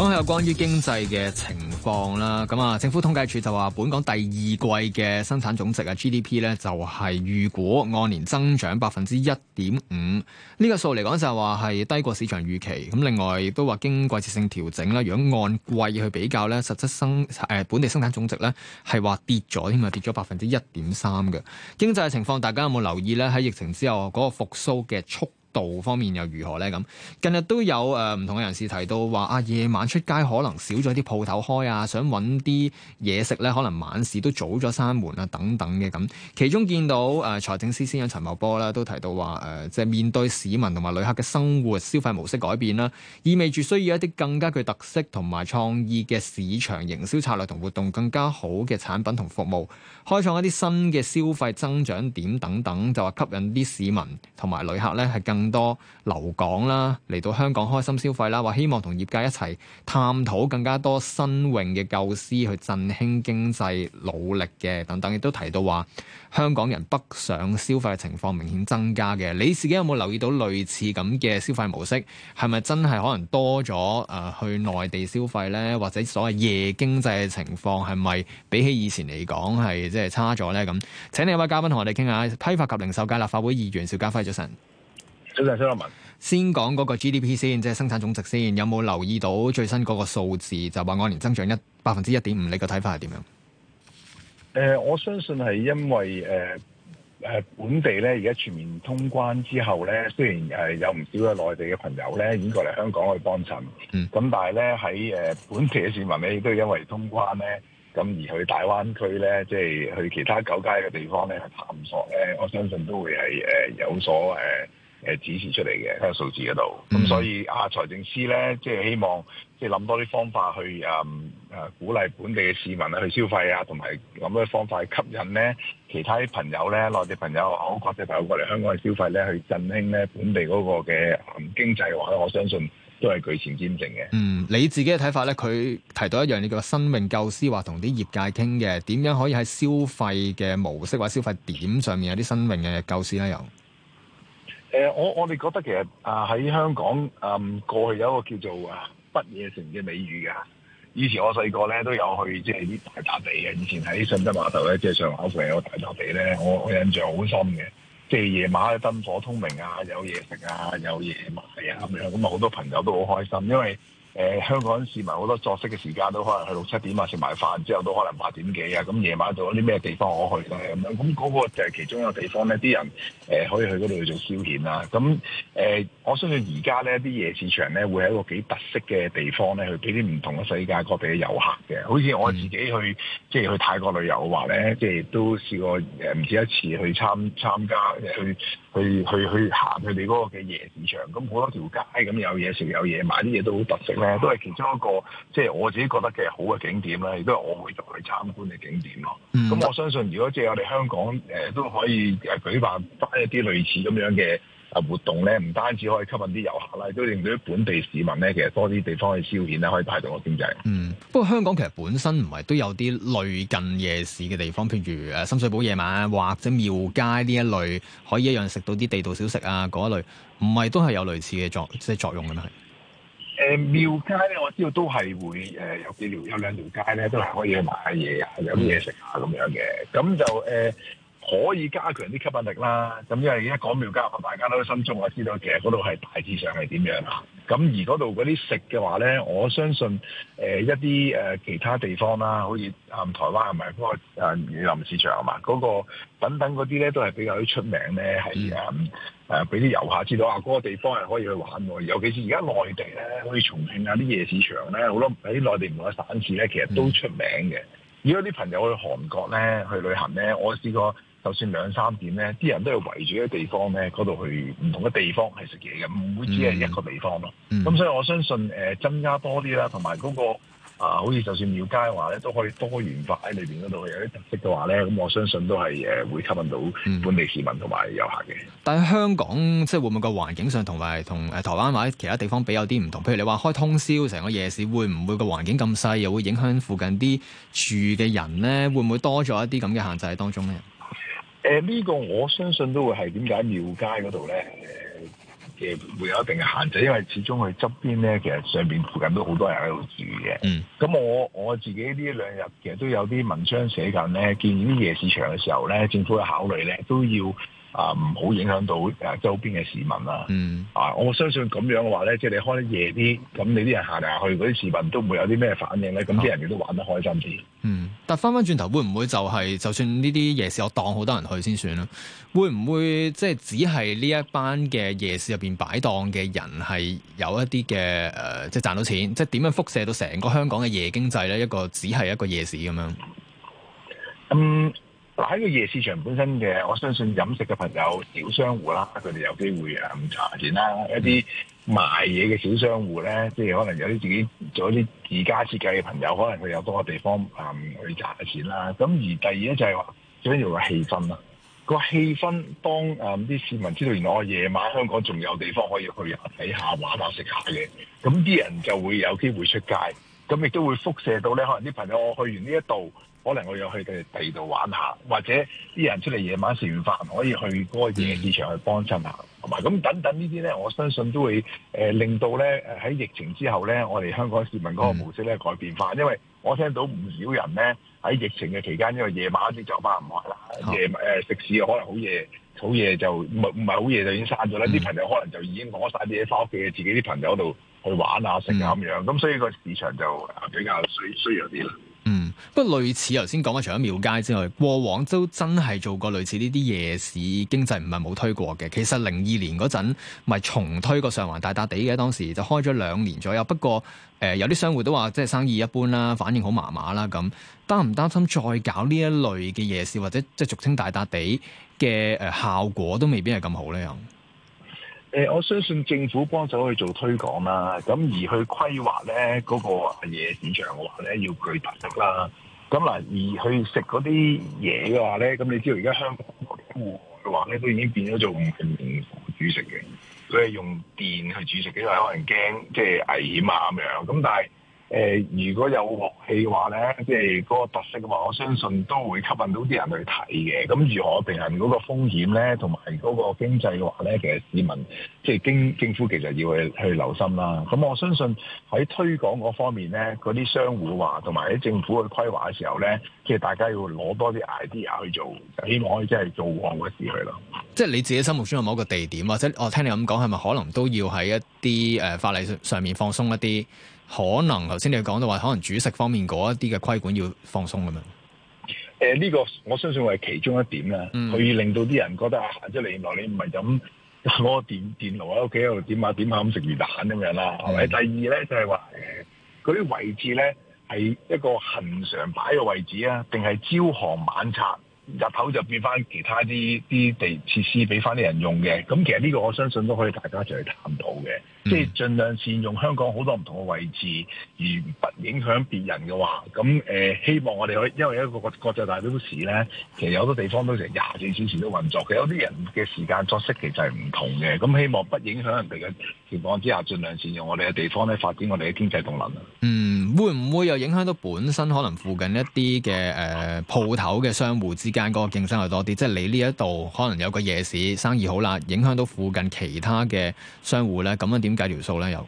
講下有關於經濟嘅情況啦，咁啊，政府統計處就話本港第二季嘅生產總值啊 GDP 咧，就係預估按年增長百分之一點五，呢個數嚟講就話係低過市場預期。咁另外亦都話經季節性調整啦，如果按季去比較咧，實質生，誒本地生產總值咧係話跌咗添啊，跌咗百分之一點三㗎。經濟嘅情況，大家有冇留意咧？喺疫情之後嗰個復蘇嘅速度方面又如何咧？咁近日都有呃、唔同嘅人士提到話啊，夜晚出街可能少咗啲鋪頭開啊，想搵啲嘢食呢，可能晚市都早咗閂門啊等等嘅咁。其中見到誒、呃、財政司司長陳茂波啦，都提到話，呃、即係面對市民同埋旅客嘅生活消費模式改變啦，意味住需要一啲更加具特色同埋創意嘅市場營銷策略同活動，更加好嘅產品同服務，開創一啲新嘅消費增長點等等，就話吸引啲市民同埋旅客咧係更。更多留港啦，嚟到香港開心消費啦。話希望同業界一齊探討更加多新穎嘅構思去振興經濟，努力嘅等等，亦都提到話香港人北上消費嘅情況明顯增加嘅。你自己有冇留意到類似咁嘅消費模式？係咪真係可能多咗？誒、呃，去內地消費咧，或者所謂夜經濟嘅情況，係咪比起以前嚟講係即係差咗咧？咁，請兩位嘉賓同我哋傾下，批發及零售界立法會議員邵家輝，早晨。先講嗰個 GDP 先，即係生產總值先。有冇留意到最新嗰個數字？就話按年增長一百分之一點五，你嘅睇法係點樣？我相信係因為、呃、本地咧，而家全面通關之後咧，雖然誒、呃、有唔少嘅內地嘅朋友咧，已經過嚟香港去幫襯。咁、嗯、但係咧喺本地嘅市民咧，亦都因為通關咧，咁而去大灣區咧，即係去其他九街嘅地方咧，去探索咧，我相信都會係、呃、有所誒。呃誒指示出嚟嘅喺個數字嗰度咁，嗯、所以啊財政司咧，即係希望即係諗多啲方法去誒、嗯啊、鼓勵本地嘅市民去消費啊，同埋諗多啲方法去吸引咧其他啲朋友咧，內地朋友啊，國際朋友過嚟香港去消費咧，去振興咧本地嗰個嘅、嗯、經濟嘅話咧，我相信都係具前瞻性嘅。嗯，你自己嘅睇法咧，佢提到一樣，你叫做生命救師話同啲業界傾嘅點樣可以喺消費嘅模式或者消費點上面有啲生命嘅救師咧又？誒、呃，我我哋覺得其實啊，喺香港，嗯，過去有一個叫做啊不夜城嘅美譽嘅。以前我細個咧都有去，即係啲大笪地嘅。以前喺信德碼頭咧，即、就、係、是、上海口有個大笪地咧，我我印象好深嘅。即係夜晚咧燈火通明啊，有嘢食啊，有嘢買啊咁樣，咁啊好多朋友都好開心，因為。呃、香港市民好多作息嘅時間都可能去六七點啊，食埋飯之後都可能八點幾啊，咁夜晚做啲咩地方可去咧咁樣？咁、那、嗰個就係其中一個地方咧，啲人、呃、可以去嗰度去做消遣啦。咁、呃、我相信而家咧啲夜市場咧會係一個幾特色嘅地方咧，去俾啲唔同嘅世界各地嘅遊客嘅。好似我自己去、嗯、即係去泰國旅遊嘅話咧，即係都試過誒唔止一次去參參加去。去去去行佢哋嗰個嘅夜市場，咁好多條街咁有嘢食有嘢買，啲嘢都好特色咧，都係其中一個即係、就是、我自己覺得嘅好嘅景點啦，亦都係我會同佢參觀嘅景點咯。咁、嗯、我相信如果即係我哋香港、呃、都可以誒舉辦翻一啲類似咁樣嘅。啊活動咧唔單止可以吸引啲遊客啦，都令到啲本地市民咧，其實多啲地方去消遣啦，可以帶動個經濟。嗯，不過香港其實本身唔係都有啲類近夜市嘅地方，譬如誒深水埗夜晚或者廟街呢一類，可以一樣食到啲地道小食啊嗰一類，唔係都係有類似嘅作即係作用嘅咩？誒、呃、廟街咧，我知道都係會誒、呃、有幾條有兩條街咧，都係可以去買下嘢啊，有啲嘢食啊咁樣嘅，咁就誒。呃可以加強啲吸引力啦，咁因為而家講廟街，大家都心中我知道其實嗰度係大致上係點樣啦。咁而嗰度嗰啲食嘅話咧，我相信一啲其他地方啦，好似台灣係咪嗰個雨林市場係嘛嗰個等等嗰啲咧都係比較出名咧，係啊誒俾啲遊客知道啊嗰、嗰個地方係可以去玩。尤其是而家內地咧，好似重慶啊啲夜市場咧，好多喺內地唔同嘅省市咧，其實都出名嘅。如果啲朋友去韓國咧去旅行咧，我試過。就算兩三點咧，啲人都係圍住一個地方咧，嗰度去唔同嘅地方係食嘢嘅，唔會只係一個地方咯。咁、嗯嗯、所以我相信誒增加多啲啦，同埋嗰個啊，好似就算廟街嘅話咧，都可以多元化喺裏邊嗰度有啲特色嘅話咧，咁我相信都係誒會吸引到本地市民同埋遊客嘅、嗯嗯。但係香港即係會唔會個環境上同埋同誒台灣或者其他地方比有啲唔同？譬如你話開通宵成個夜市，會唔會個環境咁細，又會影響附近啲住嘅人咧？會唔會多咗一啲咁嘅限制喺當中咧？誒、呃、呢、呢個我相信都會係點解廟街嗰度咧，嘅、呃、會有一定嘅限制，因為始終佢側邊咧，其實上面附近都好多人喺度住嘅。嗯，咁我我自己呢兩日其實都有啲文章寫緊咧，建議啲夜市場嘅時候咧，政府嘅考慮咧都要。啊，唔好影響到誒周邊嘅市民啦。啊。嗯，啊，我相信咁樣嘅話咧，即係你開得夜啲，咁你啲人行嚟下去嗰啲市民都唔會有啲咩反應咧。咁啲人亦都玩得開心啲。嗯，但翻翻轉頭，會唔會就係就算呢啲夜市我當好多人去先算咧？會唔會即係只係呢一班嘅夜市入邊擺檔嘅人係有一啲嘅誒，即係賺到錢？即係點樣輻射到成個香港嘅夜經濟咧？一個只係一個夜市咁樣。嗯。嗱、這、喺個夜市場本身嘅，我相信飲食嘅朋友、小商戶啦，佢哋有機會啊查錢賺啦。一啲賣嘢嘅小商戶咧，即係可能有啲自己做一啲自家設計嘅朋友，可能佢有多個地方啊、嗯、去賺錢啦。咁而第二咧就係、是、話，最緊要個氣氛啊！個氣氛當啊啲、嗯、市民知道，原來我夜晚香港仲有地方可以去睇下玩下食下嘢，咁啲人就會有機會出街，咁亦都會輻射到咧，可能啲朋友我去完呢一度。可能我有去地地度玩下，或者啲人出嚟夜晚食完飯可以去嗰個夜市場去幫襯下，同埋咁等等呢啲咧，我相信都會、呃、令到咧喺疫情之後咧，我哋香港市民嗰個模式咧改變返。因為我聽到唔少人咧喺疫情嘅期間，因為夜晚啲酒吧唔開啦，夜、呃、食肆可能好夜好夜就唔唔係好夜就已經散咗啦，啲、嗯、朋友可能就已經攞晒啲嘢翻屋企自己啲朋友度去玩啊食啊咁、嗯、樣，咁所以個市場就比較衰衰弱啲啦。類似頭先講嘅，除咗廟街之外，過往都真係做過類似呢啲夜市經濟，唔係冇推過嘅。其實零二年嗰陣，咪重推過上環大笪地嘅，當時就開咗兩年左右。不過，誒、呃、有啲商戶都話，即係生意一般啦，反應好麻麻啦。咁擔唔擔心再搞呢一類嘅夜市，或者即係俗稱大笪地嘅誒、呃、效果，都未必係咁好咧？誒、欸，我相信政府幫手去做推廣啦，咁而去規劃咧嗰個夜市場嘅話咧，要具特色啦。咁嗱，而去食嗰啲嘢嘅話咧，咁你知道而家香港嘅話咧，都已經變咗做唔同煮食嘅，佢係用電去煮食，因為可能驚即係危險啊咁樣。咁但係。誒、呃，如果有樂器嘅話咧，即係嗰個特色嘅話，我相信都會吸引到啲人去睇嘅。咁如何平衡嗰個風險咧，同埋嗰個經濟嘅話咧，其實市民即係經政府其實要去去留心啦。咁我相信喺推廣嗰方面咧，嗰啲商戶話同埋喺政府去規劃嘅時候咧，即係大家要攞多啲 idea 去做，希望可以真係做旺個市去咯。即係你自己心目中有冇一個地點，或者我聽你咁講，係咪可能都要喺一啲誒法例上面放鬆一啲？可能頭先你講到話，可能煮食方面嗰一啲嘅規管要放鬆咁樣。誒、呃，呢、這個我相信係其中一點啊，佢以令到啲人覺得行出嚟，原來你唔係飲攞個電電爐喺屋企喺度點下點下咁食魚蛋咁樣啦，係、嗯、咪？第二咧就係話誒，嗰啲位置咧係一個恒常擺嘅位置啊，定係朝行晚拆？入口就變翻其他啲啲地設施俾翻啲人用嘅，咁其實呢個我相信都可以大家就去探討嘅、嗯，即係盡量善用香港好多唔同嘅位置，而不影響別人嘅話，咁、呃、希望我哋可以因為一個國國際大都市咧，其實有好多地方都成廿四小時都運作嘅，有啲人嘅時間作息其實係唔同嘅，咁希望不影響人哋嘅情況之下，儘量善用我哋嘅地方咧，發展我哋嘅經濟動能啊。嗯。會唔會又影響到本身可能附近一啲嘅誒鋪頭嘅商戶之間嗰個競爭係多啲？即係你呢一度可能有個夜市生意好啦，影響到附近其他嘅商戶呢？咁樣點計條數呢？又？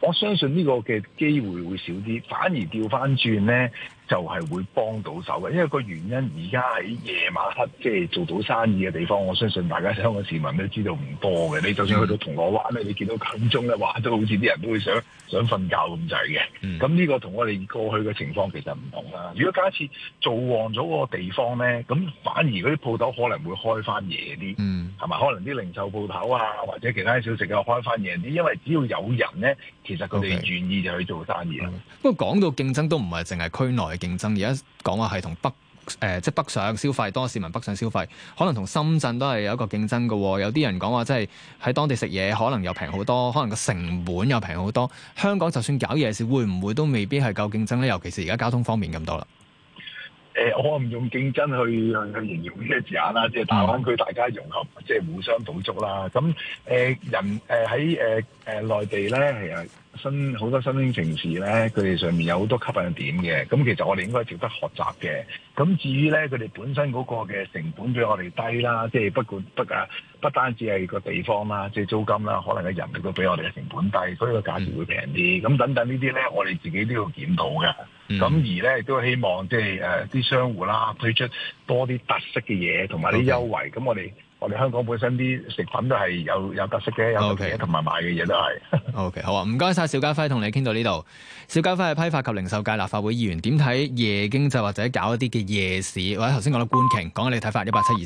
我相信呢個嘅機會會少啲，反而調翻轉呢就係會幫到手嘅，因為個原因而家喺夜晚黑即係做到生意嘅地方，我相信大家香港市民都知道唔多嘅。你就算去到銅鑼灣咧、嗯，你見到九點鐘嘅話都好似啲人都會想想瞓覺咁滯嘅。咁、嗯、呢個同我哋過去嘅情況其實唔同啦。如果假設做旺咗個地方呢，咁反而嗰啲鋪頭可能會開翻夜啲。嗯同埋可能啲零售鋪頭啊，或者其他小食嘅開翻嘢。啲，因為只要有人呢，其實佢哋願意就去做生意、okay. mm-hmm. 不過講到競爭都唔係淨係區內嘅競爭，而家講話係同北、呃、即係北上消費多市民北上消費，可能同深圳都係有一個競爭喎、啊。有啲人講話即係喺當地食嘢，可能又平好多，可能個成本又平好多。香港就算搞夜市，會唔會都未必係夠競爭呢？尤其是而家交通方面咁多啦。誒、呃，我唔用競爭去去形容呢個字眼啦，即係大灣區大家融合，嗯、即係互相補足啦。咁誒、呃、人誒喺誒誒內地咧，其實新好多新興城市咧，佢哋上面有好多吸引點嘅。咁其實我哋應該值得學習嘅。咁至於咧，佢哋本身嗰個嘅成本比我哋低啦，即係不管不啊，不單止係個地方啦，即係租金啦，可能嘅人力都比我哋嘅成本低，所以個價錢會平啲。咁等等呢啲咧，我哋自己都要檢討嘅。咁、嗯、而咧亦都希望即係誒啲商戶啦推出多啲特色嘅嘢同埋啲優惠，咁、okay. 我哋我哋香港本身啲食品都係有有特色嘅，有同埋、okay. 買嘅嘢都係 OK，好啊，唔該晒邵家輝，同你傾到呢度。邵家輝係批發及零售界立法會議員，點睇夜經濟或者搞一啲嘅夜市，或者頭先講到觀鯨講下你睇法。一八七二。